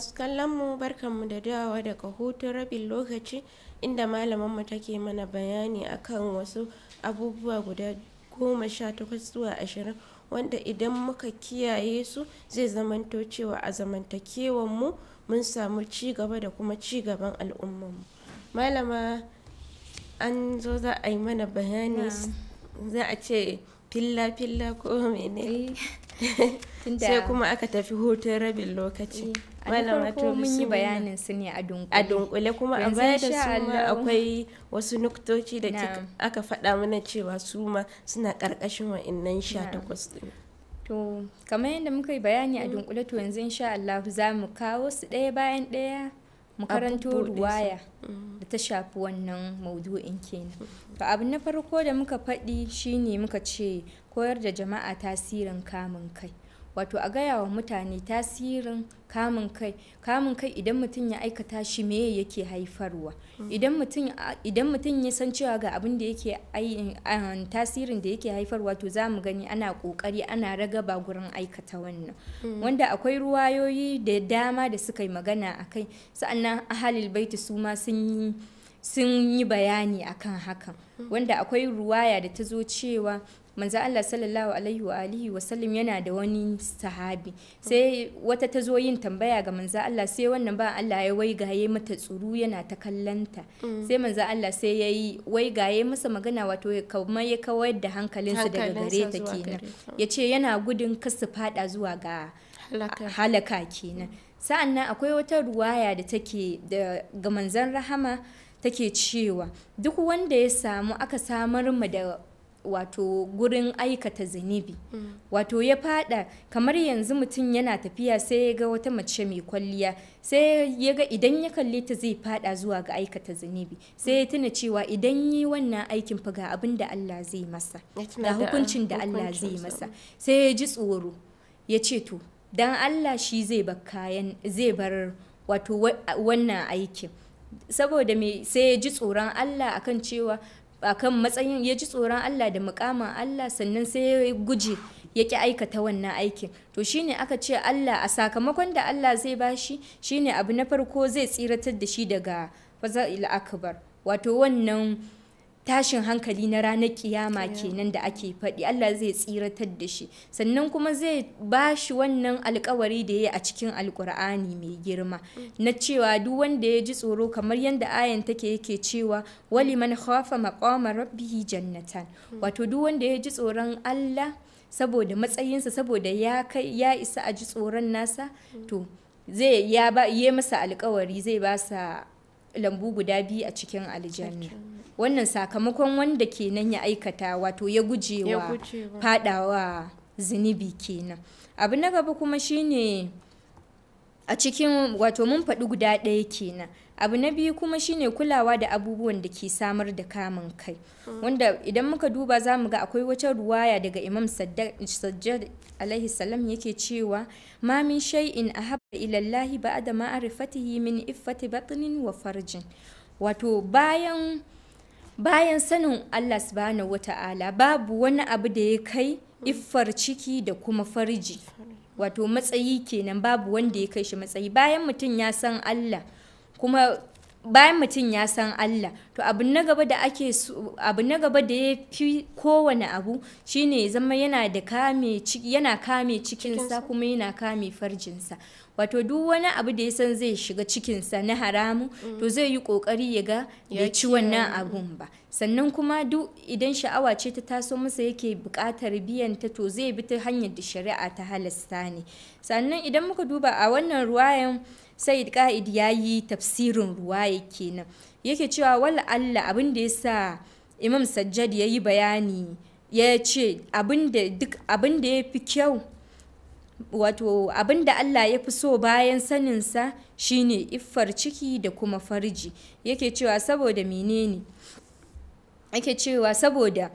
masu kallon mu barkanmu da dawowa daga hutun rabin lokaci inda malamanmu take mana bayani akan wasu abubuwa guda goma sha takwas zuwa ashirin wanda idan muka kiyaye su zai zamanto cewa a zamantakewan mu mun samu ci gaba da kuma ci gaban al'ummanmu malama an zo za a yi mana bayani za a ce filla-filla ko menene sai kuma aka tafi hutun rabin lokaci eh, malama wato mun yi bayanin su ne a dunkule a dunkule kuma a baya da su akwai wasu nuktoci da aka faɗa mana cewa su ma suna ƙarƙashin wa'annan sha takwas ɗin to kamar yadda muka yi bayani a mm. dunkule to yanzu sha Allah za mu kawo su ɗaya bayan ɗaya mu karanto ruwaya mm. da ta shafi wannan maudu'in kenan mm. to abu na farko da muka faɗi shine muka ce koyar da jama'a tasirin kamun kai wato a gaya wa mutane tasirin kamun kai kamun kai idan mutum ya aikata shi meye yake haifarwa mm. idan mutum ya san cewa ga abin da yake ah, tasirin da yake haifarwa to za mu gani ana kokari ana raga ba gurin aikata wannan mm. wanda akwai ruwayoyi da dama da suka yi magana a kai sa'annan ahalil baiti su ma sun yi sun yi bayani akan hakan mm. wanda akwai ruwaya da ta zo cewa manzo Allah sallallahu alaihi wa alihi wa sallam yana da wani sahabi sai wata ta zo yin tambaya ga manzo Allah sai wannan ba Allah ya wai gaye mata tsuru yana ta kallanta mm. sai manzo Allah sai yayi yi wai gaye masa magana wato kamar ya kawar da hankalinsa daga gare ta kenan ya yana gudun kasu fada zuwa ga halaka kenan sa'an nan akwai wata ruwaya da take ga manzon rahama take cewa duk wanda ya samu aka samar mu da wato gurin aikata zunubi mm. wato ya fada kamar yanzu mutum yana tafiya sai ya ga wata mace mai kwalliya sai ya ga idan ya kalli ta zai fada zuwa ga aikata zunubi sai ya tuna cewa idan yi wannan aikin fa ga abin da Allah zai masa ga hukuncin da Allah zai masa sai ya ji tsoro ya ce to dan Allah shi zai bar zai bar wato wannan aikin saboda mai sai ya ji tsoron Allah akan cewa a kan matsayin ya ji tsoron Allah da mukamin Allah sannan sai ya guje ya ki aikata wannan aikin to shine aka ce Allah a sakamakon da Allah zai bashi shine abu na farko zai tsiratar da shi daga faza'il akbar wato wannan tashin hankali na ranar kiyama kenan da ake faɗi Allah zai tsiratar da shi sannan kuma zai ba shi wannan alkawari da ya a cikin alkur'ani mai girma mm. na cewa duk wanda ya ji tsoro kamar yadda ayan take yake cewa wali man khafa maqama rabbihi jannatan mm. wato duk wanda ya ji tsoron Allah saboda matsayinsa saboda ya kai ya isa a ji tsoron nasa mm. to zai ya ba masa alkawari zai ba sa lambu guda biyu a cikin aljanna wannan sakamakon wanda kenan ya aikata wato ya gujewa fadawa zunubi kenan abu na gaba kuma shine a cikin wato mun faɗi guda ɗaya kenan abu na biyu kuma shine kulawa da abubuwan da ke samar da kamun kai hmm. wanda idan muka duba za mu ga akwai wata ruwaya daga imam sajjad alaihi salam yake cewa mamin shay'in a ba'a ilallahi ba'ada yi min iffati batinin wa farjin wato bayan bayan sanin Allah subhanahu wata'ala babu wani abu da ya kai iffar ciki da kuma farji wato matsayi kenan babu wanda ya kai shi matsayi bayan mutum ya san Allah kuma bayan mutum ya san Allah to abu na gaba da ya fi kowane abu shine ya zama yana da kame yana kame cikinsa kuma yana kame farjinsa wato duk wani abu da ya san zai shiga cikinsa na haramu mm. to zai yi kokari ya ga ya ci wannan abun ba sannan kuma duk idan sha'awa ce ta taso masa yake bukatar biyan ta to zai bi ta hanyar da shari'a ta halasta ne sannan idan muka duba a wannan ruwayan Sayyid Ka'id ya yi tafsirin ke kenan yake cewa wala Allah abin da ya sa Imam Sajjad ya yi bayani ya ce abin da ya fi kyau wato abin da Allah ya fi so bayan saninsa shine iffar ciki da kuma farji yake cewa saboda menene yake cewa saboda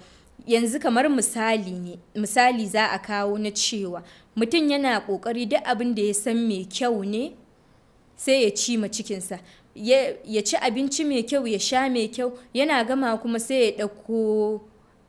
yanzu kamar misali ne misali za a kawo na cewa mutum yana kokari duk abin da ya san mai kyau ne sai ya ci ma cikinsa ya ci abinci mai kyau ya sha mai kyau yana gama kuma sai ya ɗauko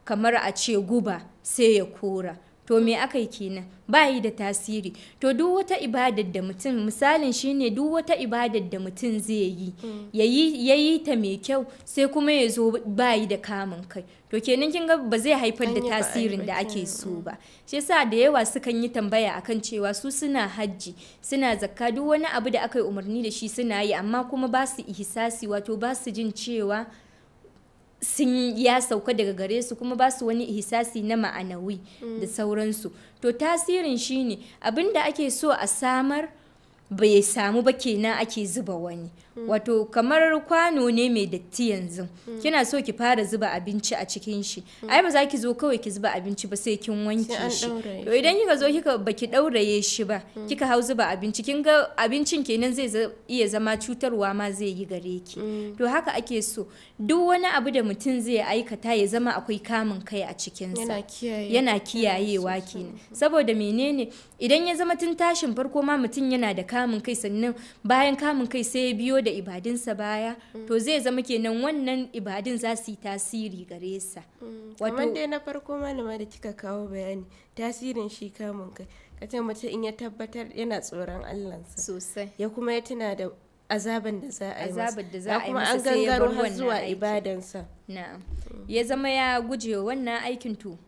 kamar a ce guba sai ya kora to me aka yi kenan ba yi da tasiri to duk wata ibadar da mutum misalin shine duk wata ibadar da mutum zai yi mm. ya yi ta mai kyau sai kuma ya zo ba yi da kamun kai to kenan kin ga ba zai haifar da tasirin da ake so mm. ba shi yasa da yawa sukan yi tambaya akan cewa su suna hajji suna zakka duk wani abu da aka yi umarni da shi suna yi amma kuma ba su ihsasi wato ba su jin cewa sun ya sauka daga gare su kuma ba su wani hisasi na ma'anawi mm. da sauransu to tasirin shine abinda ake so a samar bai samu ba kenan ake zuba wani Mm. wato kamar kwano ne mai datti yanzu mm. kina so ki fara zuba abinci a cikin shi mm. ai ba za ki zo kawai ki zuba abinci ba sai kin wanke shi to idan kika zo kika baki dauraye shi ba kika hau zuba abinci kin ga abincin kenan zai iya zama cutarwa ma zai yi gare ki to haka ake so duk wani abu da mutum zai aikata ya zama akwai kamun kai a cikinsa yana kiyayewa kenan saboda menene idan ya zama tun tashin farko ma mutum yana da kamun kai sannan bayan kamun kai sai ya biyo da ibadinsa baya to zai zama kenan wannan ibadin za su yi tasiri gare sa mm. wato dai na farko malama da kika kawo bayani tasirin shi kamun kai ce mace in ya tabbatar yana tsoron Allah sosai ya kuma ya tuna da azaban da za a yi masa kuma an gangaro har zuwa ibadansa na'am mm. ya zama ya guje wannan aikin to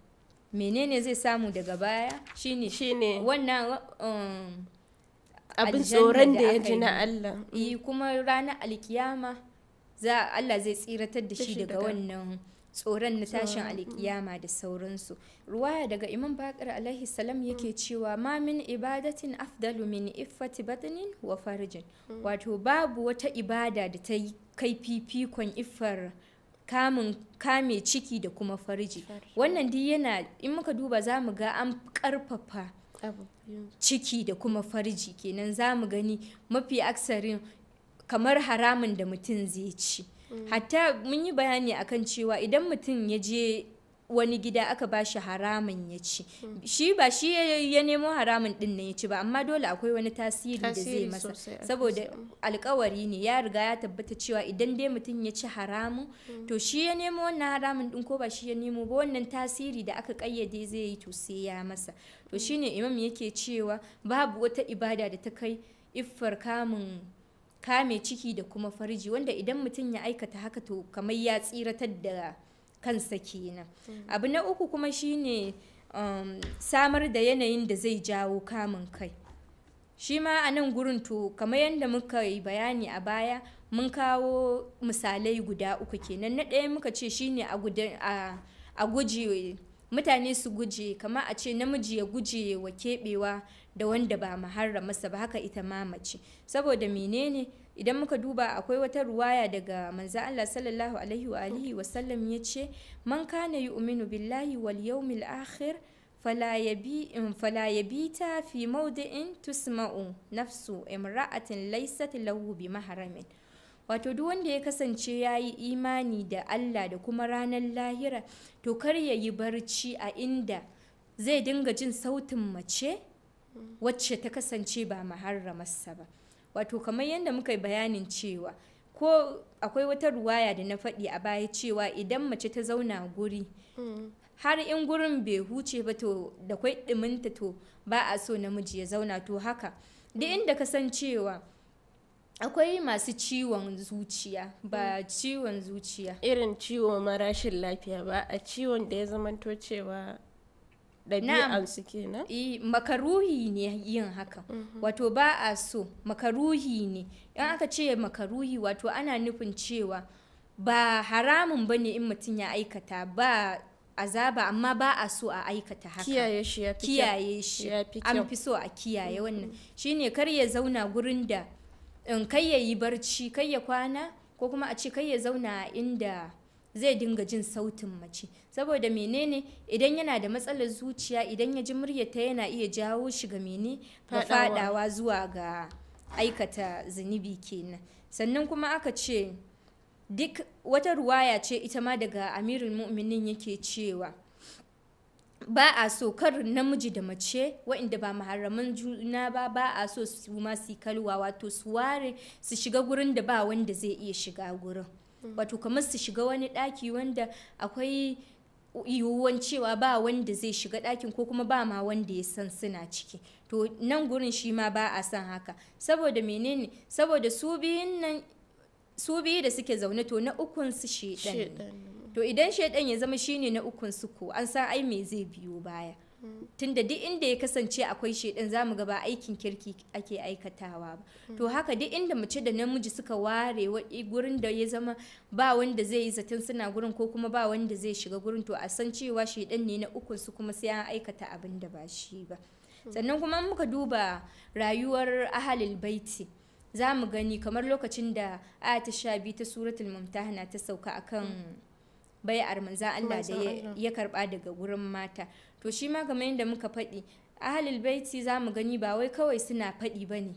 menene zai samu daga baya shine shine wannan um, abin tsoron da ya ji na Allah mm. eh, kuma ranar alkiyama za Allah zai tsiratar da shi daga wannan tsoron na tashin mm. alkiyama da sauransu ruwaya daga imam bakar alaihi salam yake mm. cewa ma min ibadatin afdalu min iffati batnin wa farjin wato babu wata ibada da ta yi kai fifikon iffar kamun kame ciki da kuma farji wannan duk yana in muka duba za mu ga an karfafa ciki da kuma farji kenan za mu gani mafi aksarin kamar haramun da mutum zai ci mm. hatta mun yi bayani akan cewa idan mutum ya je wani gida aka ba shi haramun ya ci hmm. shi ba shi ya nemo haramun din ne ya ci ba amma dole akwai wani tasiri da zai masa saboda alkawari ne ya riga ya tabbata cewa idan dai mutum ya ci haramun hmm. to shi ya nemo wannan haramun din ko ba shi ya nemo ba wannan tasiri da aka kayyade zai yi to sai ya masa to hmm. shine imam yake cewa babu wata ibada da ta kai iffar kamun kame ciki da kuma farji wanda idan mutum ya aikata haka to kamar ya tsiratar da kansa kenan abu na uku kuma shine um, samar da yanayin da zai jawo kamun kai shi ma a nan gurin to kamar yadda muka yi bayani a baya mun kawo misalai guda uku kenan na ɗaya muka ce shine a guje mutane su guje kamar a ce namiji ya guje wa keɓewa da wanda ba masa ba haka ita ma mace saboda menene idan muka duba akwai wata ruwaya daga manzo Allah sallallahu alaihi wa alihi wa sallam yace man kana yu'minu billahi wal yawmil akhir فلا يبي فلا fi tusma'u tusma'u nafsu imra'atin امرأة lahu bi maharamin wato duk wanda ya kasance ya yi imani da Allah da kuma ranar lahira to kar ya yi barci a inda zai dinga jin sautin mace wacce ta kasance ba maharramarsa ba wato kamar yadda muka yi bayanin cewa ko akwai wata ruwaya da na faɗi a baya cewa idan mace ta zauna guri har in gurin bai huce ba to da kwai ɗiminta to ba a so namiji ya zauna to haka duk inda kasancewa akwai masu ciwon zuciya ba ciwon zuciya irin ciwo marashin lafiya ba a ciwon da ya zamanto cewa ɗabi'arsu kenan eh, makaruhi ne yin hakan mhm. wato ba a so makaruhi ne in aka ce makaruhi wato ana nufin cewa ba haramun ba ne in mutum ya aikata ba azaba amma ba a so a aikata haka kiyaye shi ya fi kiyaye an fi so a kiyaye wannan mhm. shine kar ya zauna gurin da in kai ya yi barci kai ya kwana ko kuma a ce kai ya zauna inda zai dinga jin sautin mace saboda menene idan yana da matsalar zuciya idan ya ji muryarta yana iya jawo shi ga mene ga fadawa zuwa ga aikata zunubi kenan sannan kuma aka ce duk wata ruwaya ce ita ma daga amirul mu'minin yake cewa ba a so kar namiji da mace waɗanda ba maharaman juna ba ba a so su ma su kalwa wato su ware su shiga gurin da ba wanda zai iya shiga gurin wato kamar su shiga wani daki wanda akwai yiwuwan cewa ba wanda zai shiga dakin ko kuma ba ma wanda ya san suna ciki to nan gurin shi ma ba a san haka saboda menene saboda su biyun nan su biyu da suke zaune to na ukun su shedan to idan shedan ya zama shine na ukun su ko an san ai me zai biyo baya tunda duk inda ya kasance akwai shaidan zamu ga ba aikin kirki ake aikatawa ba to haka duk inda mace da namiji suka ware gurin da ya zama ba wanda zai yi zaton suna gurin ko kuma ba wanda zai shiga gurin to a san cewa shaidan ne na ukun su kuma sai an aikata abin da ba shi ba sannan kuma muka duba rayuwar ahalil baiti zamu gani kamar lokacin da aya ta sha biyu ta suratul mumtahana ta sauka akan bai'ar manzan Allah da ya karba daga wurin mata to shi ma kamar da muka faɗi ahalil baiti za mu gani ba wai kawai suna faɗi ba ne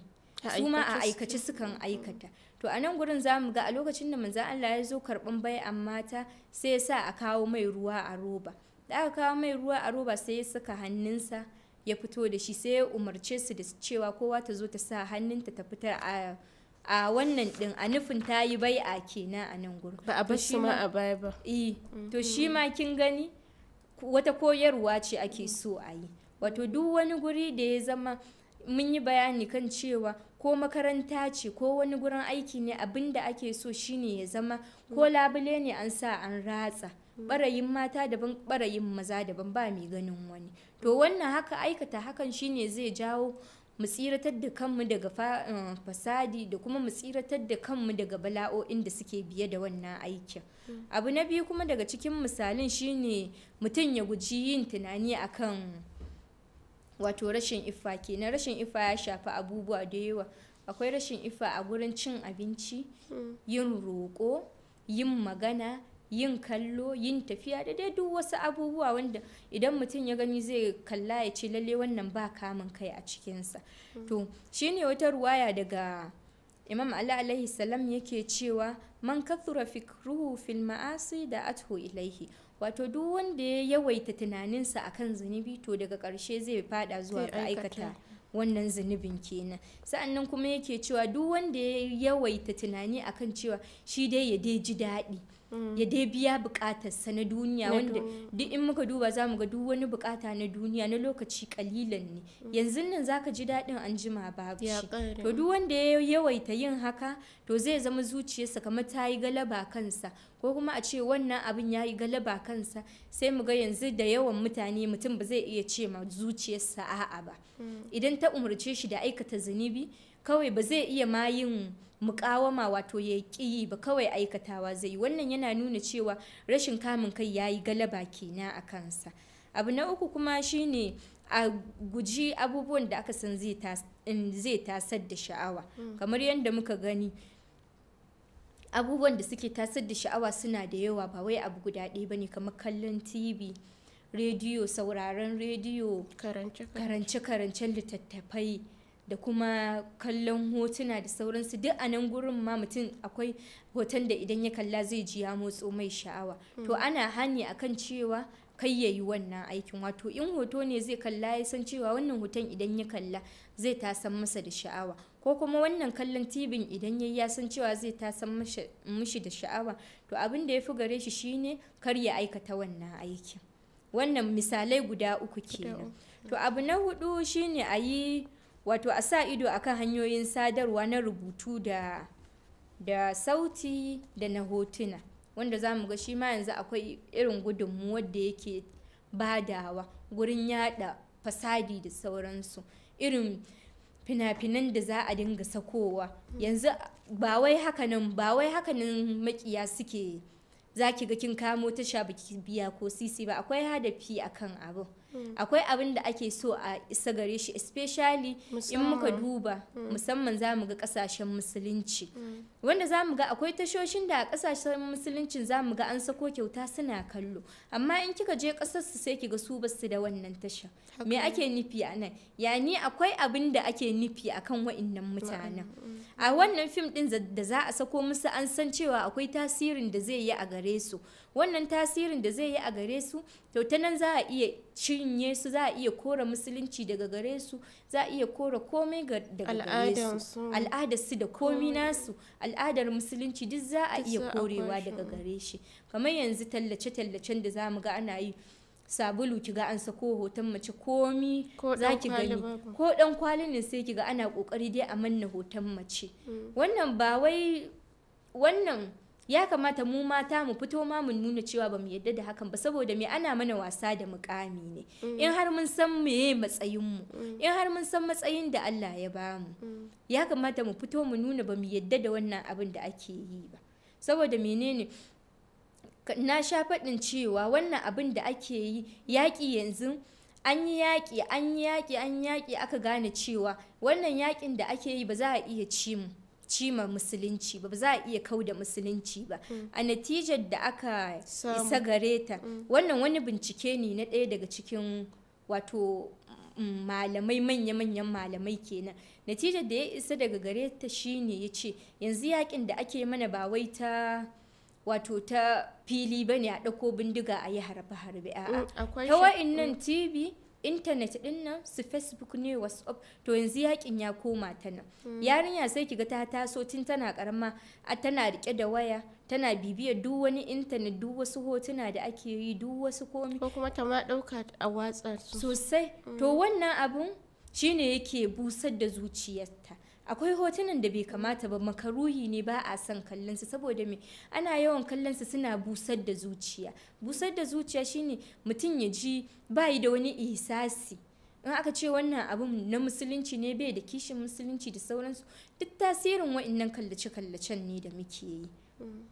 su ma a aikace sukan aikata to a nan gurin za mu ga a lokacin da manzan Allah ya zo karɓan bai'an mata sai ya sa a kawo mai ruwa a roba da aka kawo mai ruwa a roba sai ya saka hannunsa ya fito da shi sai ya umarce su da cewa kowa ta zo ta sa hannunta ta fitar a a wannan din a nufin ta yi bai'a kenan a nan gurin ba a bar shi ma a baya ba eh to shi ma kin gani wata koyarwa ce ake so a yi wato duk wani guri da ya zama mun yi bayani kan cewa ko makaranta ce ko wani gurin aiki ne abin da ake so shine ya zama ko mm. labule ne an sa an ratsa barayin mm. mata daban barayin maza daban ba mai ganin wani to wannan haka aikata hakan shine zai jawo mu tsiratar da kanmu daga eh, fasadi da kuma mu tsiratar da kanmu daga bala'o'in da suke biye da wannan aikin mm. abu na biyu kuma daga cikin misalin shine mutum ya guji yin tunani akan wato rashin ifa kenan rashin ifa ya shafi abubuwa da yawa akwai rashin ifa a gurin cin abinci mm. yin roƙo yin magana yin kallo yin tafiya da dai duk wasu abubuwa wanda idan mutum ya gani zai kalla ya ce lalle wannan ba kamun kai a cikinsa mm. to shi ne wata ruwaya daga imam ali alaihi salam yake cewa man kathura fikruhu fil ma'asi da atho ilaihi wato duk wanda ya yawaita tunaninsa akan zunubi to daga karshe zai fada zuwa ga aikata wannan zunubin kenan sa'annan kuma yake cewa duk wanda ya yawaita tunani akan cewa shi dai ya dai ji daɗi ya dai biya bukatarsa na duniya wanda duk in muka duba za mu ga duk wani bukata na duniya na lokaci kalilan ne mm. yanzu nan za ka ji daɗin an jima babu shi to duk wanda ya yawaita yin haka to zai zama zuciyarsa kamar ta yi galaba kansa ko kuma a ce wannan abin ya yi galaba kansa sai mu ga yanzu da yawan mutane mutum ba zai iya ce ma zuciyarsa a'a ba mm. idan ta umarce shi da aikata zunubi kawai ba zai iya ma yin mukawama wato ya ƙi ba kawai aikatawa zai wannan yana nuna cewa rashin kamun kai ya yi galaba kenan a kansa abu na uku kuma shine a guji abubuwan da aka san zai tasar da sha'awa mm. kamar yadda muka gani abubuwan da suke tasar da sha'awa suna da yawa ba wai abu guda ɗaya ba ne kamar kallon tv rediyo sauraron rediyo karance-karancen littattafai da kuma kallon hotuna da sauransu duk a nan gurin ma mutum akwai hoton da idan ya kalla zai ji ya motso mai sha'awa to hmm. ana hani kan cewa kai ya yi wannan aikin wato in hoto ne zai kalla ya san cewa wannan hoton idan ya kalla zai tasan masa da sha'awa ko kuma wannan kallon tibin idan ya ya san cewa zai tasan mishi da sha'awa to abin da ya fi gare shi shine kar ya aikata wannan aikin wannan misalai guda uku kenan to abu na hudu shine a yi wato a sa ido a kan hanyoyin sadarwa na rubutu da da sauti da na hotuna wanda za mu ga shi ma yanzu akwai irin gudunmu da yake badawa gurin yada fasadi da sauransu irin fina-finan da za a dinga sakowa yanzu ba wai hakanan ba wai hakanan makiya suke za ki ga kin kamo tasha baki biya ko sisi ba akwai hadafi akan abin Hmm. akwai abin da ake so a isa gare shi especially in muka duba hmm. musamman za mu ga kasashen musulunci hmm. wanda za mu ga akwai tashoshin da a kasashen musuluncin za mu ga an sako kyauta suna kallo amma in kika je kasarsu su sai kiga su basu da wannan tasha me ake nufi a nan yani akwai abin da ake nufi akan wa'innan mutanen a wannan fim din da za a sako musu an san cewa akwai tasirin da zai yi a gare su wannan tasirin da zai yi a gare su ta nan za a iya cinye su za a iya kora musulunci daga gare su za a iya kora komai daga gare su al'adar su da komi mm. nasu al'adar musulunci duk za a iya korewa daga gare shi kamar yanzu tallace-tallacen da za mu ga ana yi sabulu ki ga an sako hoton mace komi za ki gani ko dan kwalin ne sai ki ga ana kokari dai a manna hoton mace mm. wannan ba wai wannan ya kamata mu mata mu fito ma mu nuna cewa ba mu yadda da hakan ba saboda me ana mana wasa da mukami ne mm. in har mun san meye matsayin mu mm. in har mun san matsayin da Allah ya bamu mm. ya kamata mu fito mu nuna ba mu yadda da wannan abin da ake yi ba saboda menene na sha faɗin cewa wannan abin da ake yi yaƙi yanzu an yi yaƙi an yi yaƙi an yi yaƙi aka gane cewa wannan yaƙin da ake yi ba za a iya ci mu cima musulunci ba ba za a iya kau da musulunci ba hmm. a natijar da aka isa gare ta hmm. wannan wani bincike ne na ɗaya daga cikin wato mm, malamai manya-manyan malamai kenan natijar da ya isa daga gare ta shine ya ce yanzu yakin da ake mana ba wai ta wato ta fili bane a ɗauko bindiga a yi harbe-harbe a'a hmm, ta nan tv intanet din nan su facebook ne whatsapp to yanzu yakin ya koma ta nan yarinya sai kiga ta taso tun tana karama a tana rike da waya tana bibiyar duk wani intanet duk wasu hotuna da ake yi duk wasu komi ko kuma ta ma dauka a watsa sosai to wannan abun shine yake busar da zuciyarta akwai hotunan da bai kamata ba makaruhi ne ba a son kallon su saboda me ana yawan kallon su suna busar da zuciya busar da zuciya shine mutum ya ji bayi da wani ihsasi in aka ce wannan abin na musulunci ne bai da kishin musulunci da sauransu duk tasirin wa'annan kallace-kallacen ne da muke yi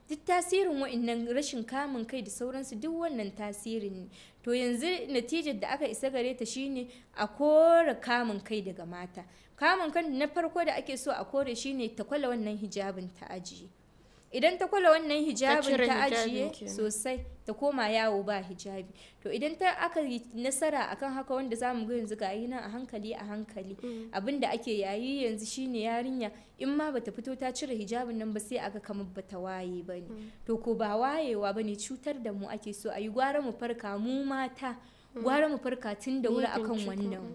duk tasirin wa'annan rashin kamun kai da sauransu duk wannan tasirin ne to yanzu natijar da aka isa gare ta shine a kore kamun kai daga mata kamun kan na farko da ake so a kore shine ta kwala wannan hijabin ta ajiye idan ta kwala wannan hijabin ta ajiye sosai ta koma yawo ba hijabi to idan ta aka yi nasara akan haka wanda zamu ga yanzu gayi nan a hankali a hankali mm. abinda ake yayi yanzu shine yarinya in ma bata fito ta cire hijabin nan ba sai aga kamar bata waye ba ne mm. to ko ba wayewa ba ne cutar da mu ake so ayi gwara mu farka mu mata mm. gwara mu farka tun da wuri akan wannan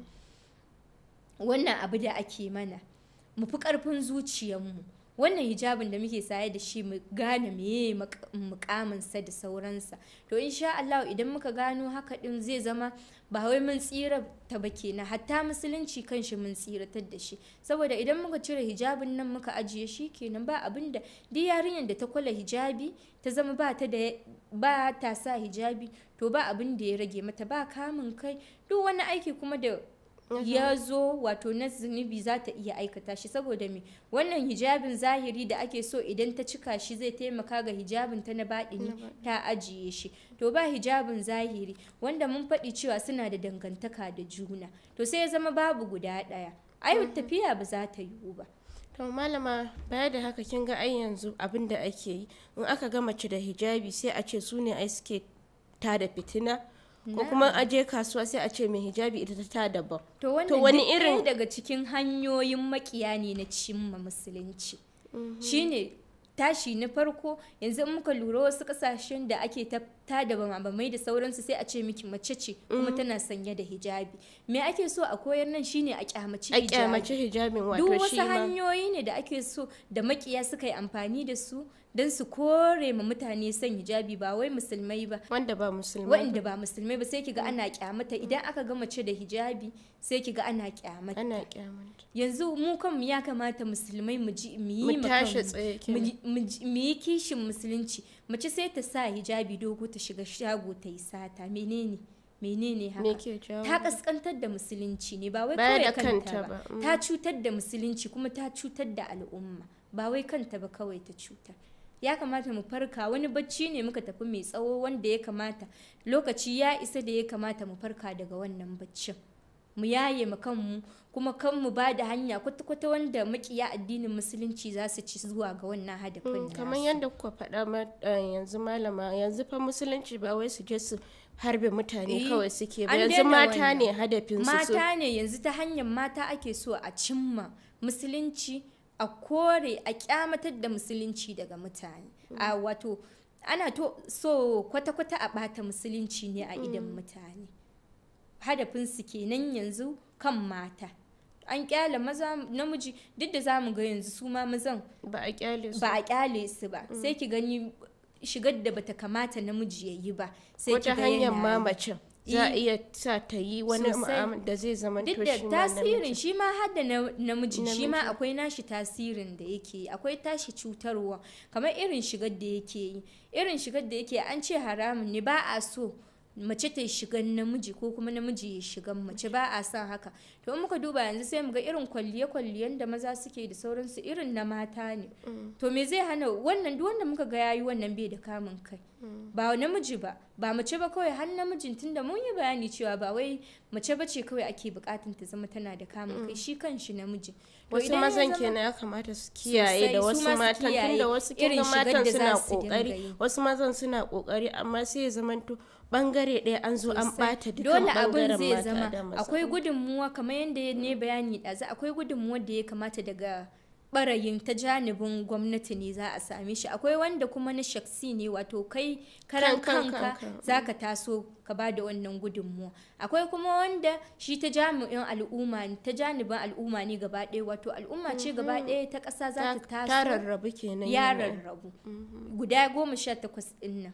wannan abu da ake mana mu fi karfin zuciyarmu wannan hijabin da muke saye da shi mu gane meye mukaminsa da sauransa to insha Allah idan muka gano haka din zai zama ba wai mun tsira ta ba kenan hatta musulunci kanshi mun tsira ta da shi saboda idan muka cire hijabin nan muka ajiye shi kenan ba abin da duk yarinyar da ta kwala hijabi ta zama ba ta da ba ta sa hijabi to ba abinda ya rage mata ba kamun kai duk wani aiki kuma da ya zo wato na zunubi za ta iya aikata shi saboda me wannan hijabin zahiri da ake so idan ta cika shi zai taimaka ga hijabin ta na baɗini ta ajiye shi to ba hijabin zahiri wanda mun faɗi cewa suna da dangantaka da juna to sai ya zama babu guda ɗaya ai tafiya ba za ta yiwu ba to malama baya da haka kin ga ai yanzu abin da ake yi in aka ga mace da hijabi sai a ce su ne ai suke tada fitina ko kuma a kasuwa sai a ce mai hijabi ita ta daban to wani irin daga cikin hanyoyin makiya ne na cimma musulunci mhm. shine tashi na farko yanzu in muka lura wasu kasashen da ake ta ta da mai da sauransu sai a ce miki mace ce kuma mm. tana sanye da hijabi me ake so a koyar nan shine a kyamaci hijabi a kyamaci hijabin wato duk wasu hanyoyi ne da ake so da makiya suka yi amfani da su don su kore ma mutane son hijabi ba wai musulmai ba wanda ba musulmai wanda ba musulmai ba sai kiga mm. ana kyamata idan aka ga mace da hijabi sai kiga ana kyamata ana kyamata yanzu mu kan ya kamata musulmai mu ji mu yi mu tsaye mu yi kishin musulunci mace sai ta sa hijabi dogo ta shiga shago ta yi sata menene menene haka ta kaskantar da musulunci ne ba wai kawai kanta ba mm. ta cutar da musulunci kuma ta cutar da al'umma ba wai kanta ba kawai ta cuta ya kamata mu farka wani bacci ne muka tafi mai tsawo wanda ya kamata lokaci ya isa da ya kamata mu farka daga wannan baccin mu yaye mu kanmu kuma kan mu ba da hanya kwata-kwata wanda makiya addinin musulunci za su ci zuwa ga wannan hadafin mm, kamar yadda kuka faɗa eh, yanzu malama yanzu fa musulunci ba wai su je su harbe mutane eh, kawai suke ba yanzu mata ne hadafin su mata ne yanzu ta hanyar mata ake so a cimma musulunci a kore a kyamatar da musulunci daga mutane mm. a wato ana to so kwata-kwata a bata musulunci ne a idan mm. mutane hadafin suke kenan yanzu kan mata an kyale maza namiji duk da zamu ga yanzu su ma mazan ba a kyale su ba mm. sai ki gani shigar da bata kamata namiji ya yi ba sai ki ga hanyar mamacin za a eh, iya sa ta yi wani da zai zama to namiji duk da tasirin shi ma har da namiji shi ma akwai nashi tasirin da yake yi akwai tashi cutarwa kamar irin shigar da yake yi irin shigar da yake an ce haramun ne ba a so mace ta shigan namiji ko kuma namiji ya shigan mace ba a son haka to in muka duba yanzu sai muga irin kwalliye kwalliyen da maza suke da sauransu irin na mata ne mm. to me zai hana wannan duk wanda muka ga yayi wannan bai da kamun kai mm. ba namiji ba ba mace ba kawai har namijin tunda mun yi bayani cewa ba wai mace ba ce kawai ake bukatun ta zama tana da kamun kai mm. shi kanshi namiji wasu mazan kenan ya kamata su kiyaye da wasu matan tunda wasu kenan matan suna kokari wasu mazan suna kokari amma sai ya zamanto bangare ɗaya an zo an bata dukkan bangaren mata zai zama akwai gudunmuwa kamar yadda ne bayani ɗazu akwai gudunmuwa da ya kamata daga barayin ta janibin gwamnati ne za a same shi akwai wanda kuma na shaksi ne wato kai karan kanka mm. za ka taso ka ba da wannan gudunmuwa akwai kuma wanda shi ta jami'in al'umma ne ta janibin al'umma ne gaba ɗaya wato al'umma ce mm-hmm. gaba ɗaya ta ƙasa za ta taso ya rarrabu mm-hmm. guda goma sha takwas ɗin nan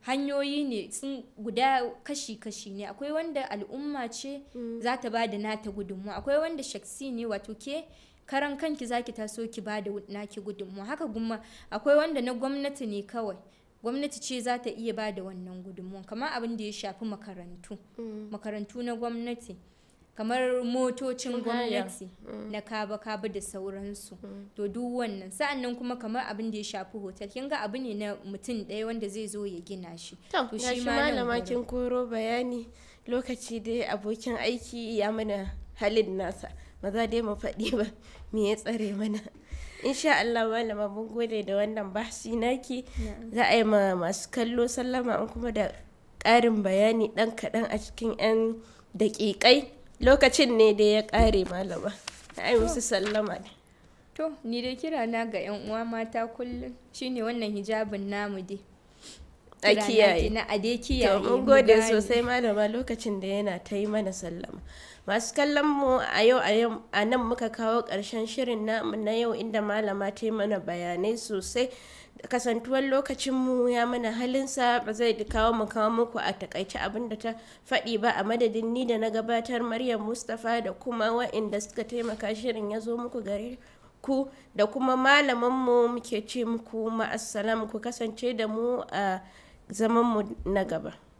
hanyoyi ne sun guda kashi-kashi ne akwai wanda al'umma ce za ta ba da nata gudunmu akwai wanda shaksi ne wato ke karan kanki zaki taso ki ba da naki gudunmu haka kuma akwai wanda na gwamnati ne kawai gwamnati ce za ta iya ba da wannan gudunmu kamar abin da ya shafi makarantu mm. na gwamnati kamar motocin gwamnati mm. na kaba-kaba da sauransu mm. to duk wannan sa'annan kuma kamar abin da ya shafi hotel kin ga abu ne na mutum ɗaya wanda zai zo ya gina shi to shi malama kin koro bayani lokaci dai abokin aiki ya mana halin nasa ba za dai mu faɗi ba me ya tsare mana insha Allah malama mun gode da wannan bahsi naki za a yi ma masu kallo sallama an kuma da ƙarin bayani ɗan kaɗan a cikin 'yan daƙiƙai lokacin ne da ya ƙare malama ai musu sallama ne to ni dai kira na ga yan uwa mata kullum shine wannan hijabin namu dai a kiyaye na a dai To mun gode sosai malama lokacin da yana ta yi mana sallama masu kallon mu a yau a nan muka kawo ƙarshen shirin namu na yau inda malama ta yi mana bayanai sosai kasantuwar lokacin mu ya mana halinsa ba zai kawo mu kawo muku a takaice abin da ta faɗi ba a madadin ni da na gabatar maryam mustapha da kuma wa'inda suka taimaka shirin ya zo muku gare ku da kuma malaman mu muke ce muku ma'assalam ku kasance da mu a zaman mu na gaba